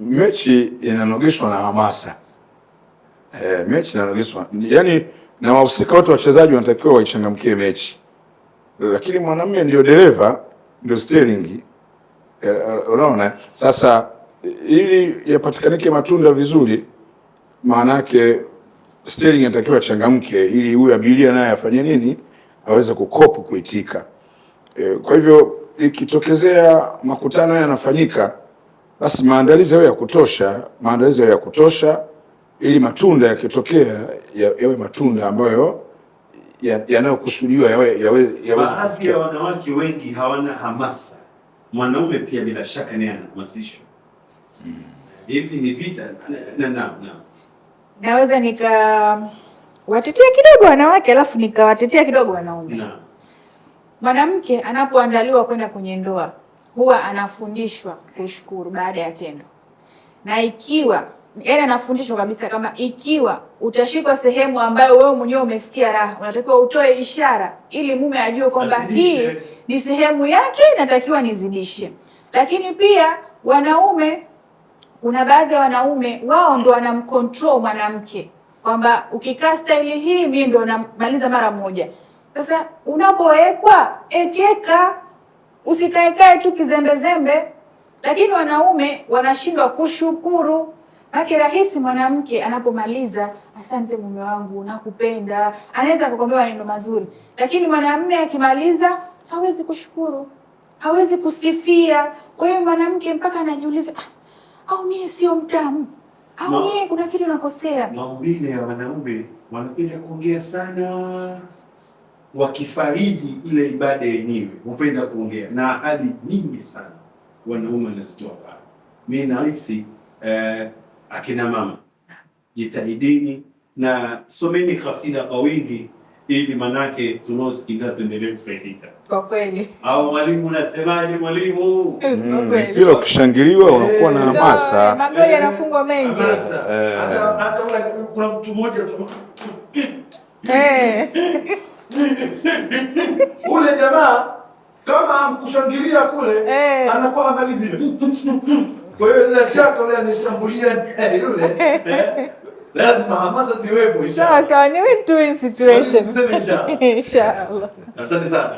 mechi inanogeshwa na hamasa e, mechi inanogeshwa yani, na wahusika wote wachezaji wanatakiwa waichangamkie mechi, lakini mwanamume ndio dereva ndio steering. E, unaona sasa, ili yapatikanike matunda vizuri, maana yake steering inatakiwa changamke, ili huyu abiria naye afanye nini, aweze kukopu kuitika. E, kwa hivyo ikitokezea makutano yanafanyika basi maandalizi yao ya kutosha, maandalizi yawe ya kutosha ili matunda yakitokea yawe matunda ambayo yanayokusudiwa yawe yawe yawe. Baadhi ya wanawake wengi hawana hamasa, mwanaume pia bila shaka naye anahamasishwa hmm. hivi. Ni vita na na naweza nikawatetea um, kidogo wanawake, alafu nikawatetea kidogo wanaume. Mwanamke anapoandaliwa kwenda kwenye ndoa huwa anafundishwa kushukuru baada ya tendo, na ikiwa yani anafundishwa kabisa kama ikiwa utashikwa sehemu ambayo wewe mwenyewe umesikia raha, unatakiwa utoe ishara ili mume ajue kwamba hii ni sehemu yake, natakiwa nizidishe. Lakini pia wanaume, kuna baadhi ya wanaume wao ndo wanamcontrol mwanamke kwamba ukikaa staili hii, mimi ndo namaliza mara moja. Sasa unapowekwa ekeka Usikaekae tu kizembezembe, lakini wanaume wanashindwa kushukuru. Make rahisi mwanamke anapomaliza asante mume wangu, nakupenda, anaweza kukwambia maneno mazuri, lakini mwanamume akimaliza hawezi kushukuru, hawezi kusifia. Kwa hiyo mwanamke mpaka anajiuliza ah, au mie sio mtamu au mie kuna kitu nakosea. Maumbile ya wanaume wanapenda kuongea sana wakifaidi ile ibada yenyewe hupenda kuongea na ahadi nyingi sana wanaume wanazitoa pale. Mi nahisi eh, akina mama jitahidini na someni kasida kwa wingi, ili manake tunaosikiliza tuendelee kufaidika. Kwa kweli, au mwalimu unasemaje? Mwalimu mpira mm, ukishangiliwa unakuwa na eh, hamasa, eh, magoli eh, yanafungwa mengi. Hata kuna mtu mmoja ule jamaa kama amkushangilia kule hey, eh. anakuwa hamalizi kwa hiyo bila shaka ule anishambulia yule lazima hamasa siwepo. Sawa sawa, ni win-win situation. Inshallah. Asante sana.